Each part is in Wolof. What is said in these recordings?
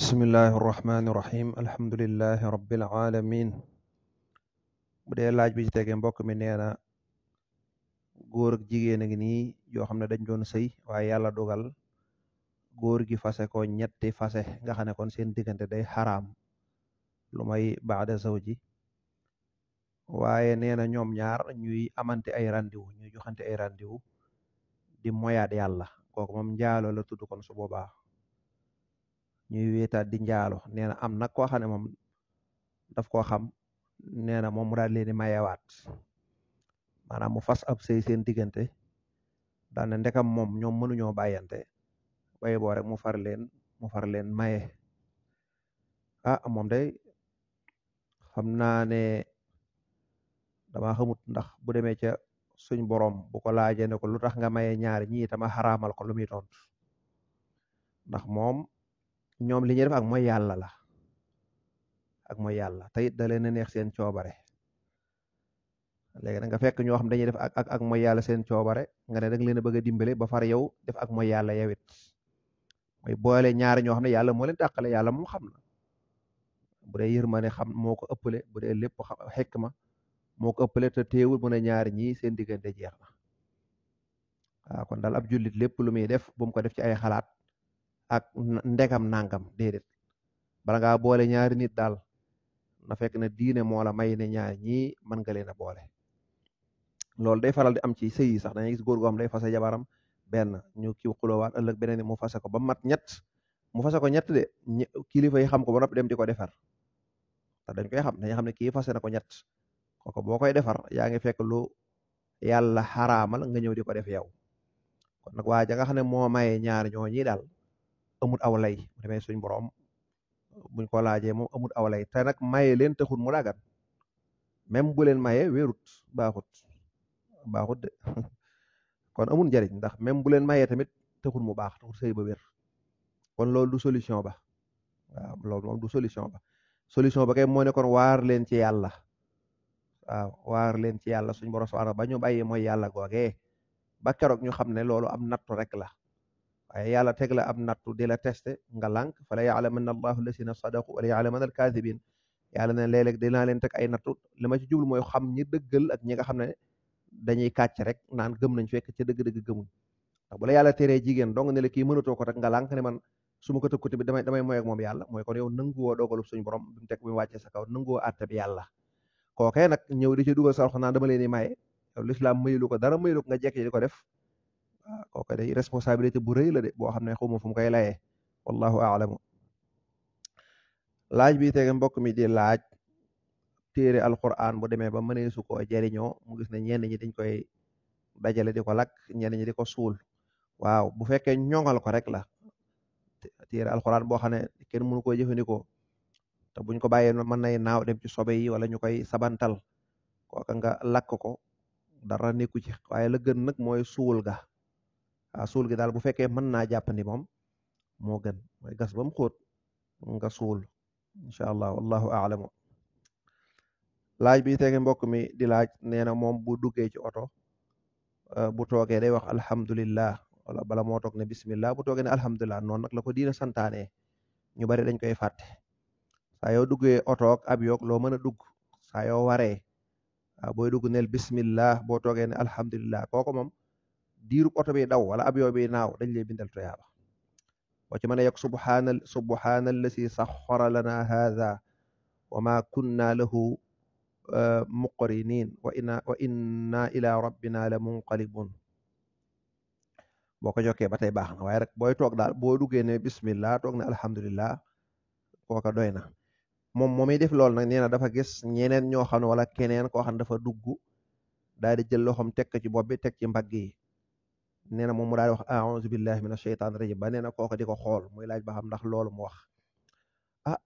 bismillahi irrahmani irrahim alhamdulilahi rabbil alamin bu dee laaj bi tege mbokk mi nee na góor ak jigéen a ngi nii yoo xam ne dañ doon sëy waaye yàlla dogal góor gi fase ko ñetti fase nga xam ne kon seen diggante day xaraam lu may baada zawji waaye nee na ñoom ñaar ñuy amante ay rendez-vous ñuy ay rendez di moyaat yàlla kooku moom njaalo la kon su boobaa ñuy wéetaat di njaalo nee na am nag koo xam ne moom daf koo xam nee na moom mu daal leen di mayewaat maanaam mu fas ab sëy seen diggante daal ne ndekam moom ñoom mënuñoo bàyyante waaye boo rek mu far leen mu far leen maye a ah, moom de xam naa ne dama xamut ndax bu demee ca suñ borom bu ko laajee ne ko lu tax nga maye ñaar ñii tama xaraamal ko lu muy ndax moom ñoom li ñuy def ak mooy yàlla la ak moy yàlla te it da leen a neex seen coobare léegi da nga fekk ñoo xam dañuy def ak ak ak mooy seen coobare nga ne da nga leen a dimbale ba far yow def ak mooy yàlla yow it mooy boole ñaari ñoo xam ne yàlla moo leen tàqale yàlla moom xam na bu dee yërmande xam moo ko ëppale bu dee lépp xam xekma moo ko ëppale te teewul mu ne ñaari ñii seen jeex na waaw kon daal ab jullit lépp lu muy def bu mu ko def ci ay xalaat ak ndegam nangam déedéet bala ngaa boole ñaari nit daal na fekk na diine moo la may ne ñaar ñii mën nga leen a boole loolu day faral di am ci sëy sax na gis góor goo xam day fase jabaram benn ñu kii xuloowaat ëllëg beneen mu fasse ko ba mat ñett mu fase ko ñett de kilifa yi xam ko ba noppi dem di ko defar te dañ koy xam dañuy xam ne kii fase na ko ñett kooku boo koy defar yaa ngi fekk lu yàlla xaraamal nga ñëw diko def yow kon nag waa ja xam ne moo maye ñaar ñooñi daal amul aw lay bu demee suñ borom buñ ko laajee moom amul aw lay te nag maye leen taxul mu dagan même bu leen maye wérut baaxut baaxut de kon amul njariñ ndax même bu leen mayee tamit taxul mu baax taxul sëy ba weer kon loolu du solution ba loolu du solution ba solution ba kay moo ne kon waar leen ci yàlla waaw waar leen ci yàlla suñ borom subhanahu ba ñu bàyyi mooy yàlla googee ba keroog ñu xam ne loolu am nattu rek la waaye yàlla teg la ab nattu di la testé nga lànk fala yaalamanna allahu alladina sadaqu wala yaalamanna alkaadibin yàlla ne léeg-léeg dinaa leen teg ay xam ñi dëggal ak ñi nga xam ne dañuy rek naan gëm nañ fekk ca dëgg-dëgg gëmuñ ndax bu la yàlla teree jigéen dong ne la kii ko rek nga lànk ne man su ma ko tëkku tamit damay damay moy ak mooy kon yow nanguwoo dogalub suñu borom bi mu teg bi mu wàccee sa kaw nanguwoo àtte bi yàlla kookee nag ñëw di dugal sa naan dama leen di maye yow ko dara mayilu ko nga jekk di ko def waaw ah, kooka day responsabilité bu réy la de boo xam ne xawma fu mu koy layee wallahu aalamu laaj bi tege mbokk mi di laaj téere alquran bu demee ba mënee su koo jariñoo mu gis ne ñenn ñi dañ koy dajale di ko lakk ñenn ñi di ko suul waaw bu fekkee ñoŋal ko rek la téere alquran boo xam ne kenn mënu koo jëfandikoo te buñ ko bàyyee mën nay naaw dem ci sobe yi wala ñu koy sabantal kooka nga lakk ko dara nekku ci waaye la gën nag mooy suul ga a ah, suul gi daal bu fekkee mën naa jàppandi moom moo gën mooy gas ba mu xóot nga suul incha allah wallahu aalamu laaj bi tege mbokk mi di laaj nee na moom bu duggee ci oto eh, bu toogee day wax alhamdulillah wala bala moo toog ne bismillah bu toogee ne alhamdulillah noonu nag la ko diina santaane ñu bari dañ koy fàtte saa yoo duggee oto ak ab yoog mën a dugg saa yoo waree ah, booy dugg nel bismillah boo tooge ne alhamdulillah kooku moom diirub oto bi daw wala avion bi naaw dañ lay bindal tuyaaba boo ci mën a yokk subhaanal subhaanal lasi saxara lana haada wa ma kunna lahu uh, muqrinin wa inna ila rabbina la munqalibun boo ko jokkee ba tey baax na waaye rek booy toog daal boo duggee ne toog ne alhamdulillah kooka doy na moom moomiy def loolu nag nee na dafa gis ñeneen ñoo xam ne wala keneen koo xam ne dafa dugg daal di jël loxoom teg ci bopp bi teg ci mbagg yi nee na moom mu daal di wax aouzu billahi mina sheytaani rajim ba nee na kooka di ko xool muy laaj ba xam ndax loolu mu wax ah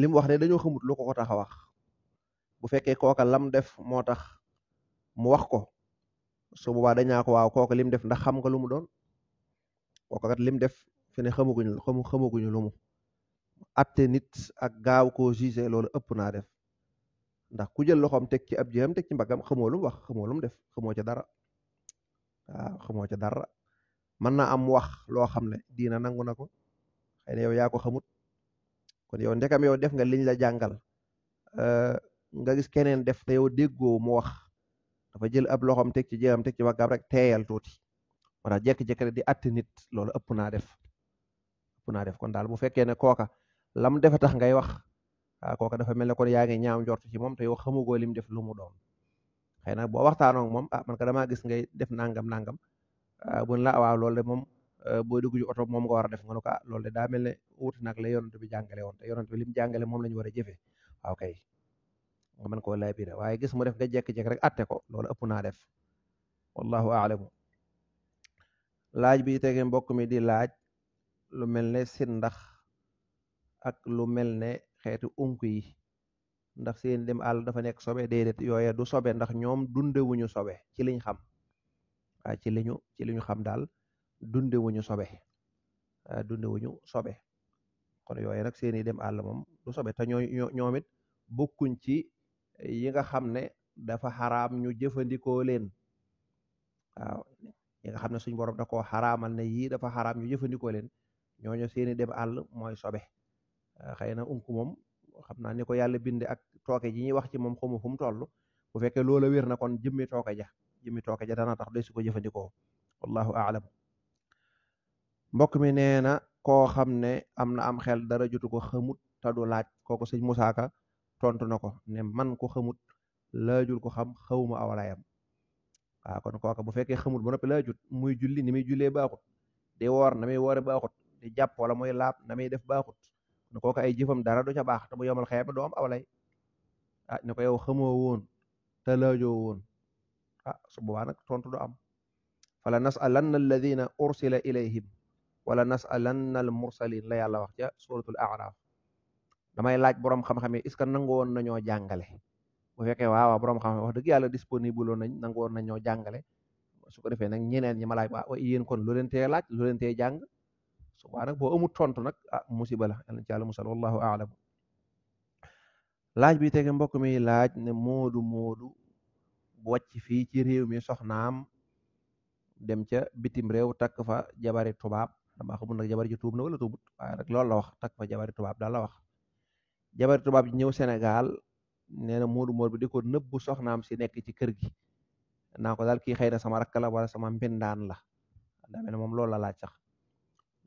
li mu wax de dañoo xamut lu ko ko tax wax bu fekkee kooka lam def moo tax mu wax ko su boobaa dañaa ko waaw kooka lim def ndax xam nga lu mu doon kooka kat lim def fi xamaguñu xamu xamaguñu lu mu atte nit ak gaaw koo jugé loolu ëpp naa def ndax ku jël loxoom teg ci ab jéem tek ci mbaggam xamoo lu wax xamoo lu def xamoo ca dara waaw xamoo ca dara mën na am wax loo xam ne diina nangu na ko xëy na yow yaa ko xamut kon yow ndekam yow def nga liñ la jàngal nga gis keneen def te yow déggoo mu wax dafa jël ab loxoom teg ci jéem teg ci wàggam rek teeyal tuuti moo tax jékki-jékki rek di atti nit loolu ëpp naa def ëpp naa def kon daal bu fekkee ne kooka lam defa tax ngay wax waaw kooka dafa mel ne kon yaa ngi ñaaw njort ci moom te yow xamugoo lim def lu mu doon. xëy na boo waxtaanoo moom ah man ko damaa gis ngay def nangam nangam bun ah, la waaw lool de moom ah, boo dugg ci oto moom nga war a def nga ne ko ah loolu de daa mel ne wut nag la yonent bi jàngale woon te yonent bi lim jàngale moom la ñu war a jëfee waaw kay nga mën koo waaye gis mu def nga jekki-jekki rek atte ko loolu ëpp naa def wallahu aalamu laaj bi tege mbokk mi di laaj lu mel ne sindax ak lu mel ne xeetu unk yi ndax seen dem àll dafa nekk sobe déedéet yooye du sobe ndax ñoom dundewuñu sobe ci liñ xam waaw ci liñu ci liñu xam daal dundewuñu sobe dundewuñu sobe kon yooye nag seeni dem àll moom du sobe ta ñoo ñoom it bokkuñ ci yi nga xam ne dafa xaraam ñu jëfandikoo leen yi nga xam ne suñ borom da koo xaraamal ne yii dafa xaraam ñu jëfandikoo leen ñooñu seeni dem àll mooy sobe xëy na unk moom xam na ni ko yàlla binde ak tooke ji ñuy wax ci moom xamu fu mu toll bu fekkee loola wér na kon jëmmi tooke ja jëmmi tooke ja dana tax doy su ko jëfandikoo wallahu aalam mbokk mi nee na koo xam ne am na am xel dara jotu ko xamut tadu du laaj kooku sëñ Moussa Ka tontu na ko ne man ko xamut laajul ko xam xawma awalayam waaw kon kooka bu fekkee xamut ba noppi laajut muy julli ni muy jullee baaxut di woor na muy woore baaxut di jàpp wala muy laab na muy def baaxut no ko kooku ay jëfam dara do ca baax te bu yomal xeeb du am awlay ah ne ko yow xamoo woon te laajoo woon ah su boobaa nag tontu du am fala nasalanna alladina ursila ilayhim wala nasalanna al mursalin la yàlla wax ca suratul araf damay laaj borom xam-xam yi est-ce nangu woon nañoo jàngale bu fekkee waaw borom xam-xam wax dëgg yàlla disponible nañ nangu woon nañoo jàngale su ko defee nag ñeneen ñi ma laaj waa yéen kon lu leen laaj lu su boobaa nag boo amul tontu nag ah musiba la yal na ci laaj bi tege mbokk mi laaj ne moodu moodu bu wàcc fii ci réew mi soxnaam dem ca bitim réew takk fa jabari tubaab dama xamul nag jabari ji loolu la wax takk fa tubaab daal la wax jabari tubaab ji ñëw Sénégal nee na moodu moodu bi di ko nëbbu soxnaam si nekk ci kër gi naa ko daal kii xëy na sama rakk la wala sama mbindaan la daa mel ne moom loolu la laaj sax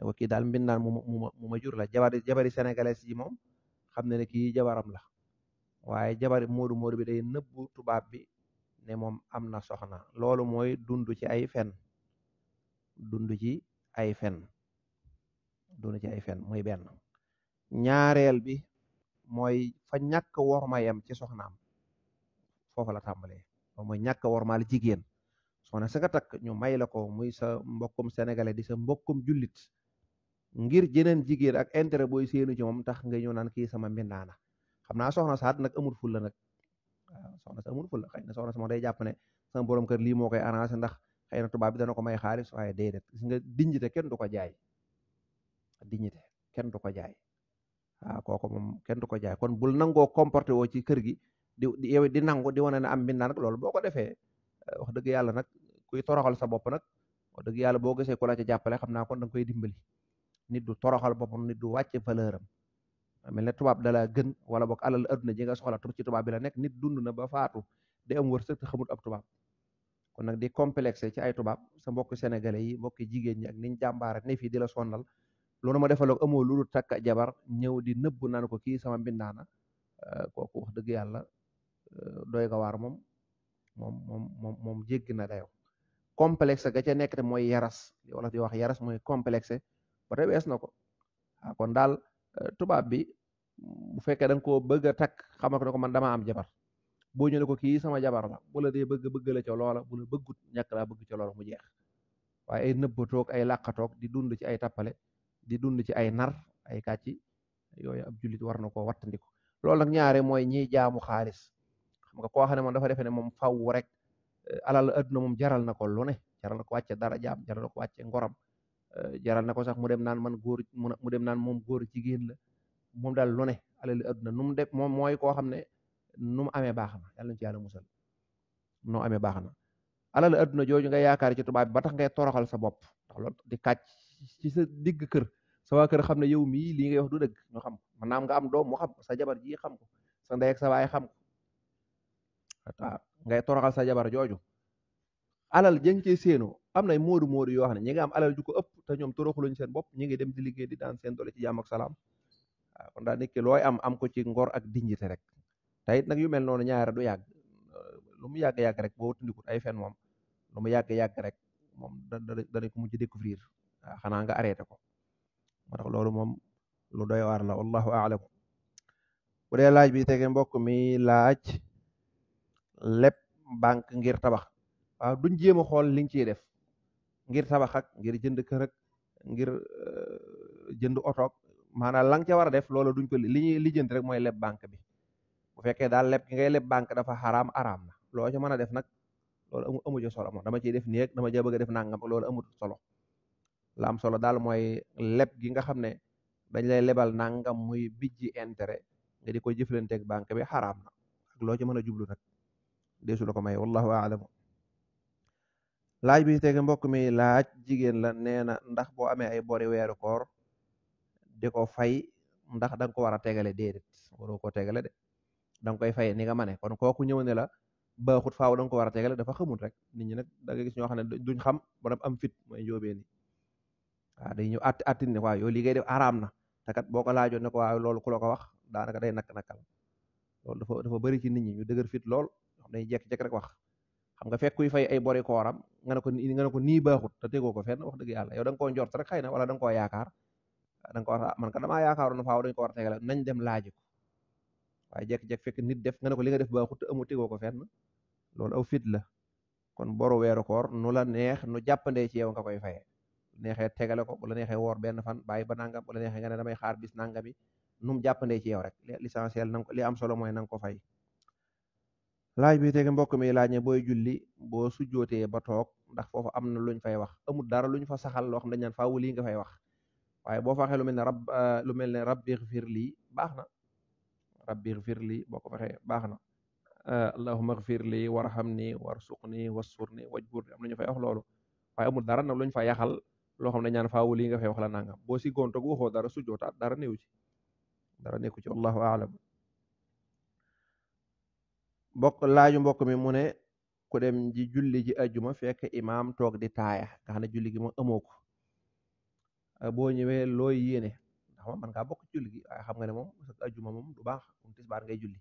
ne kii daal mbindaan mu ma mu ma jur la jabari jabari yi moom xam ne ne kii jabaram la waaye jabari moodu moodu bi day nëbbu tubaab bi ne moom am na soxna loolu mooy dund ci ay fen dund ci ay fen dund ci ay fen muy benn ñaareel bi mooy fa ñàkk worma yam ci soxnaam foofu la tàmbalee mooy ñàkk wormaal jigéen soxna sa nga takk ñu may la ko muy sa mbokkum sénégalais di sa mbokkum jullit ngir jeneen jigéen ak intérêt booy séenu ci moom tax nga ñëw naan kii sama mbindaana xam naa soxna saat nag amul ful la nag waaw soxna sa amul ful la na soxna sa day jàpp ne sama borom kër lii moo koy arrangé ndax xëy na tubaab bi dana ko may xaalis waaye déedéet gis nga dignité kenn du ko jaay dignité kenn du ko jaay waaw kooku moom kenn du ko jaay kon bul nangoo comporté woo ci kër gi di yow di nangu di wane ne am mbindaan nag loolu boo ko defee wax dëgg yàlla nag kuy toroxal sa bopp nag wax dëgg yàlla boo gisee ku la ci jàppale xam na kon da nga koy dimbali nit du toroxal boppam nit du wàcce valeur am mel ne tubaab dala gën wala boog alal adduna ji nga soxla tur ci tubaab bi nekk nit dund na ba faatu day am wërsëg ab tubaab kon nag di complexé ci ay tubaab sa mbokk sénégalais yi mbokki jigéen ñi ak niñ jàmbaara ne fii di la sonnal loolu ma defaloog amoo lu dul takk jabar ñëw di nëbbu naan ko kii sama mbindaana kooku wax dëgg yàlla doy nga waar moom moom moom moom na dayoo complexe ga ca nekk te mooy yaras li wolof wax yaras mooy complexe ba te wees na ko kon ah, daal eh, tubaab bi bu fekkee da ko koo bëgg a takk xamal ko ne ko man dama am jabar boo ñëwee ko kii sama jabar la bu la dee bëgg bëgg la ca loola bu la bëggut ñàkk laa bëgg ca loola mu jeex waaye ay toog ay làqatoog di dund ci ay tappale di dund ci ay nar ay kàcci yooyu ab julit war na koo wattandiku loolu nag ñaare mooy ñiy jaamu xaalis xam nga koo xam ne moom dafa defe ne moom faw rek Eh, alal adduna moom jaral na ko lu ne jaral na ko wàcce dara jaam jaral na ko wàcce ngoram eh, jaral na ko sax mu dem naan man góor mu dem naan moom góor jigéen la moom daal lu ne alali adduna nu mu def moom mooy koo xam ne nu mu amee baax na yàlla na ci yàlla musal nu amee baax na alal adduna jooju nga yaakaar ci tubaab bi ba tax ngay toroxal sa bopp ndax loolu di kàcc ci sa digg kër sa waa kër xam ne yow mii lii ngay wax du dëgg ñu xam ma maanaam nga am doom mu xam sa jabar ji xam sa ndey sa waay xam ko ngay toroxal sa jabar jooju alal jëng cee séenoo am nay moodu moodu yoo xam ne ñi nga am alal ju ko ëpp te ñoom toroxaluñ seen bop ñi ngi dem di liggéey di daan seen doole ci jàmm salaam waaw kon daa nekk looy am am ko ci ngor ak dignité rek te it nag yu mel noonu ñaare du yàgg lu mu yàgg-yàgg rek boo tundikut ay fen moom lu mu yàgg-yàgg rek moom danañ ko mujj découvrir waaw xanaa nga arrêté ko moo tax loolu moom lu doy waar la wallahu aalam bu dee laaj bi mi laaj lépp banque ngir tabax waaw duñ jéem a xool liñ ciy def ngir tabax ak ngir jënd kër ak ngir euh, jënd oto maanaam la nga ca war a def loola duñ ko li ñuy lijjanti rek mooy leb banque bi bu fekkee daal leb ki ngay leb banque dafa araam na loo ca mën a def nag loolu amu solo moom dama ciy def nii dama ca bëgg def nangam ak loolu amut solo la am solo daal mooy leb gi nga xam ne dañ lay lebal nangam muy bijji intérêt nga di ko jëflanteeg banque bi xaraam na ak loo ca mën a jublu nag. deesu la ko may wallahu aalamu laaj bi tege mbokk mi laaj jigéen la nee na ndax boo amee ay bori weeru koor di ko fay ndax da ko war a tegale déedéet waroo ko tegale de da koy fay ni nga mane kon kooku ñëw ne la baaxut faaw da ko war a tegale dafa xamul rek nit ñi nag da nga gis ñoo xam ne duñ xam borom am fit mooy njóobeen yi waaw day ñëw att attin ne waaw yow liggéey def araam na te kat boo ko laajoon ne ko waaw loolu ku la ko wax daanaka day nakk-nakkal loolu dafa dafa ci nit ñi ñu dëgër fit lool day jekk-jekk rek wax xam nga fekk kuy fay ay bori kooram nga ne ko nga ne ko nii baaxut te tegoo ko fenn wax dëgg yàlla yow da nga koo njort rek xëy na wala da nga koo yaakaar da nga ko war man ka damaa yaakaaroon faaw dañ ko a tegale nañ dem laaji ko waaye jekk-jekk fekk nit def nga ne ko li nga def baaxut te amu tegoo ko fenn loolu aw fit la kon boru weeru koor nu la neex nu jàppandee ci yow nga koy fayee neexee tegale ko bu la neexee woor benn fan baay ba nangam bu la neexee nga ne damay xaar bis nangami nu mu jàppandee ci yow rek l'essentiel na li am solo mooy na nga ko fay laaj bi tege mbokk mi laaj ne booy julli boo sujjootee ba toog ndax foofu am na luñ fay wax amul dara luñ fa saxal loo xam dañ naan faaw lii nga fay wax waaye boo faxee lu mel ne rab ah, lu mel ne rabbi xfir lii baax na rabbi xfir lii boo ko faxee baax na ah, allahuma xfir lii warhamni warsuqni wasturni wajburni am na ñu fay wax loolu waaye amul dara nag luñ fa yaxal loo xam dañ ñaan faaw lii nga fay wax la nangam boo si gontoog waxoo dara sujjootaat dara néew ci dara nekku ci wallahu aalam mbokk laaju mbokk mi mu ne ku dem ji julli ji ajjuma fekk imaam toog di taaya nga xam ne julli gi moom amoo ko ah, boo ñëwee looy yéene ndax man ngaa bokk julli xam nga ne moom ajuma moom du baax moom tisbaar ngay julli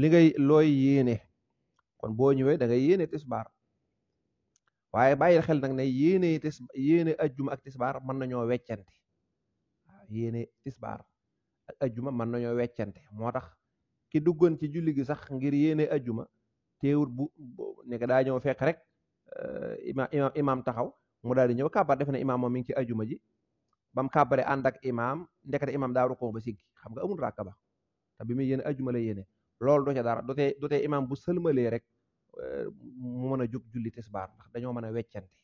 li ngay looy yéene kon boo ñëwee da ngay yéene tisbaar waaye bàyyil xel nag ne yéene tis yéene ajjuma ak tisbaar mën nañoo weccante waaw yéene tisbaar ak mën nañoo weccante moo tax ki duggoon ci julli gi sax ngir yéene ajuma teewut bu nekk daa ñëw fekk rek eh, ima imaam taxaw mu daal di ñëw kàbbar defe ne imaam moom mi ngi ci ajuma ji bam kàbbare ànd ak imaam ndekete imaam daa rukkoo ba siggi xam nga amul ràkka ba te bi muy yéene ajjuma la yéene loolu do ca dara do tee do imaam bu sëlmalee rek eh, mu mën a jóg julli tisbaar ndax dañoo mën a weccante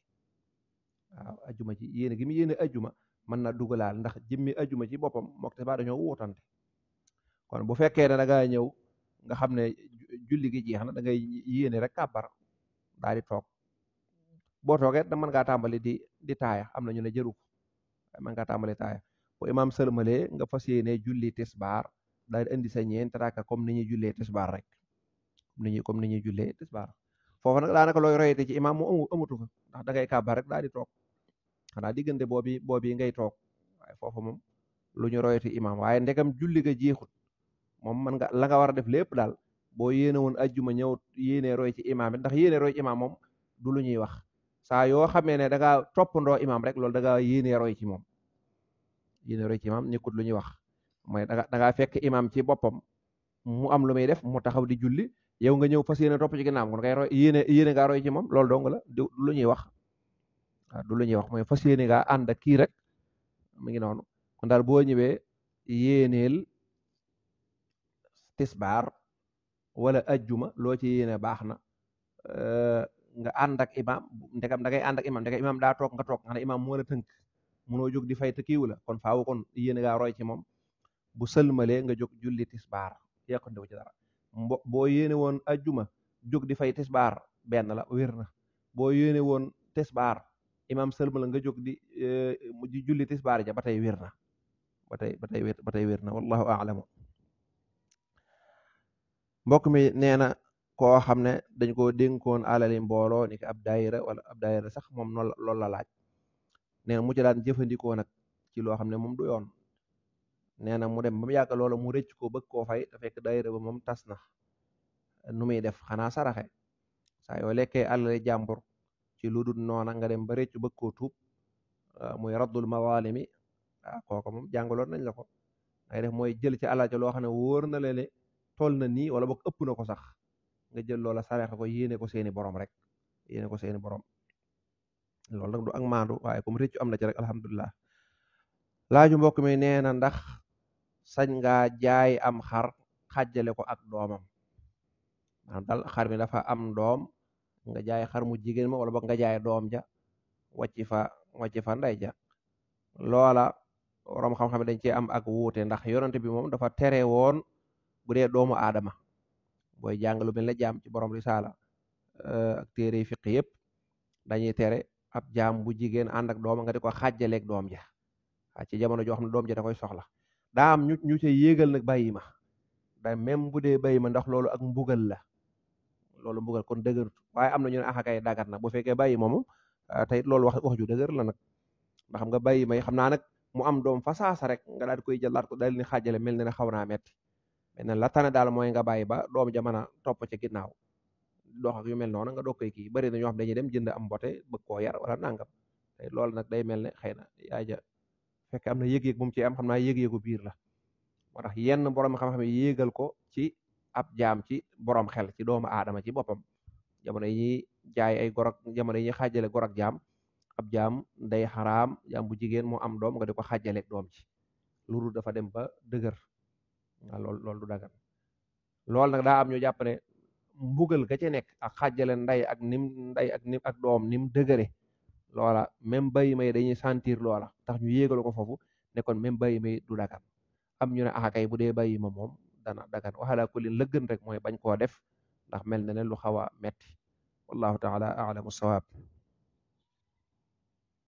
waaw ajuma ci yéene gi mu yéene ajuma mën na dugalaal ndax jëmmi ajuma ci boppam mook tisbaar dañoo wuutante kon bu fekkee ne da ñëw nga xam ne julli gi jeex na da ngay yéene rek kàbbar daal di toog boo toogee da mën ngaa tàmbali di di taaya am na ñu ne jëru ko mën ngaa tàmbali taaya bu imaam sëlmalee nga fas yéene julli tisbaar daal di indi sa ñeent raaka comme ni ñuy jullee tisbaar rek comme ni ñuy comme ni ñuy jullee tisbaar foofu nag daanaka looy royete ci imaam mu amutu fa ndax da ngay daal di toog xanaa diggante boobi boobi ngay toog waaye foofu moom lu ñu royete waaye ndegam julli ga jeexut moom man nga langa war a def lépp daal boo yéene woon ajjuma ñëw yéene roy ci imaam it ndax yéene roy ci moom du lu ñuy wax saa yoo xamee ne da toppandoo imaam rek loolu da ngaa yéene ci moom yéene roy ci imaam nekkut lu ñuy wax mooy da ngaa fekk imaam ci boppam mu am lu muy def mu taxaw di julli yow nga ñëw fas yéene topp ci ginnaaw kon kay roy yéene yéene roy ci moom loolu dong la du lu ñuy wax waaw du lu ñuy wax mooy fas yéene ngaa ànd ak kii rek mu ngi noonu kon daal boo ñëwee yéeneel tisbaar wala ajjuma loo ci yéene baax na nga ànd ak imam ndegam da ngay ànd ak imam ndegam daa toog nga toog nga ne imam moo tënk munoo jog di fay te kiiwu la kon faawu kon yéene ngaa roy ci moom bu sëlmalee nga jóg julli tisbaar yàqondiku ci dara mbo boo yéene woon ajjuma jóg di fay tisbaar benn la wér na boo yéene woon tisbaar imam sëlmal nga jóg di mu julli tisbaar ja ba tey wér na ba tey ba tey wér ba na wallahu mbokk mi nee na koo xam ne dañ koo dénkoon alali mbooloo ni ab daayira wala ab daayira sax moom noonu loolu la laaj nee na mu ci daan jëfandikoo nag ci loo xam ne moom du yoon nee na mu dem ba mu yàgg loola mu rëcc ko bëgg koo fay te fekk daayira ba moom tas na nu muy def xanaa saraxe saay yoo lekkee alali jàmbur ci lu dul noona nga dem ba rëcc bëgg koo tuub ah, muy raddul mawaalimi ah kooku moom jàngaloon nañ la ko jël ci alal ci loo xam na leen toll na nii wala bok ëpp na ko sax nga jël loola saraxe ko yéene ko seeni borom rek yéene ko seeni borom loolu nag du waaye comme réccu am na ci rek alhamdulilah mbokk mi nee na ndax sañ ngaa jaay am xar xàjjale ko ak doomam maanaam daal xar mi dafa am doom nga jaay xar mu jigéen ma wala boog nga jaay doom ja wacci fa wàcci fa nday ja loola room xam-xam dañ cee am ak wuute ndax yonante bi moom dafa tere woon bu dee doomu aadama booy jàng lu mel ne jaam ci borom risaala euh, ak téere fiq yëpp dañuy tere ab jaam bu jigéen ànd dooma nga de ko xàjjaleeg doom ja ci jamono joo xam ne doom ja da koy soxla daa ñu ñu ca yéegal nag bàyyi ma da même bu dee bàyyi ma ndax loolu ak mbugal la loolu mbugal kon dëgërut waaye am na ñu ne axa ah, kay dagat na bu fekkee bàyyi moomu ah, tey loolu wax wax ju dëgër la nag ndax xam nga bàyyi may xam naa nag mu am doom fa saasa rek nga daal di koy jëlaat ko daal di xàjjale mel ne ne xaw naa metti maintenant la tane daal mooy nga bàyyi ba doom ja topp ca ginnaaw dox ak yu mel noonu nga doog koy kii bari na ñoo xam dañuy dem jënd am mbote bëgg ko yar wala nangam te loolu nag day mel ne xëy na yaa ja am na yëg-yëg bu mu ci am xam naa yëg-yëgu biir la moo tax yenn borom xam-xam yi yéegal ko ci ab jaam ci boroom xel ci doomu aadama ci boppam jamono yi ñuy jaay ay gorog jamono yi ñuy xaajale jaam ab jaam day xaraam jaam bu jigéen moo am doom nga di ko xaajaleeg doom ci loolu dafa dem ba dëgër waaw loolu loolu du dagan loolu nag daa am ñu jàpp ne mbugal ga ci nekk ak xàjjale nday ak nim nday ak nim ak doom nim dëgëre loola même bayi may dañuy sentir loola tax ñu yéegal ko foofu nekkon kon même bayi may du dagan am ñu ne axakay ah, bu dee bayi ma moom dana dagan waxalaa ku leen lëggën rek mooy bañ koo def ndax mel na lu xaw a metti wallahu taala alamu sawaab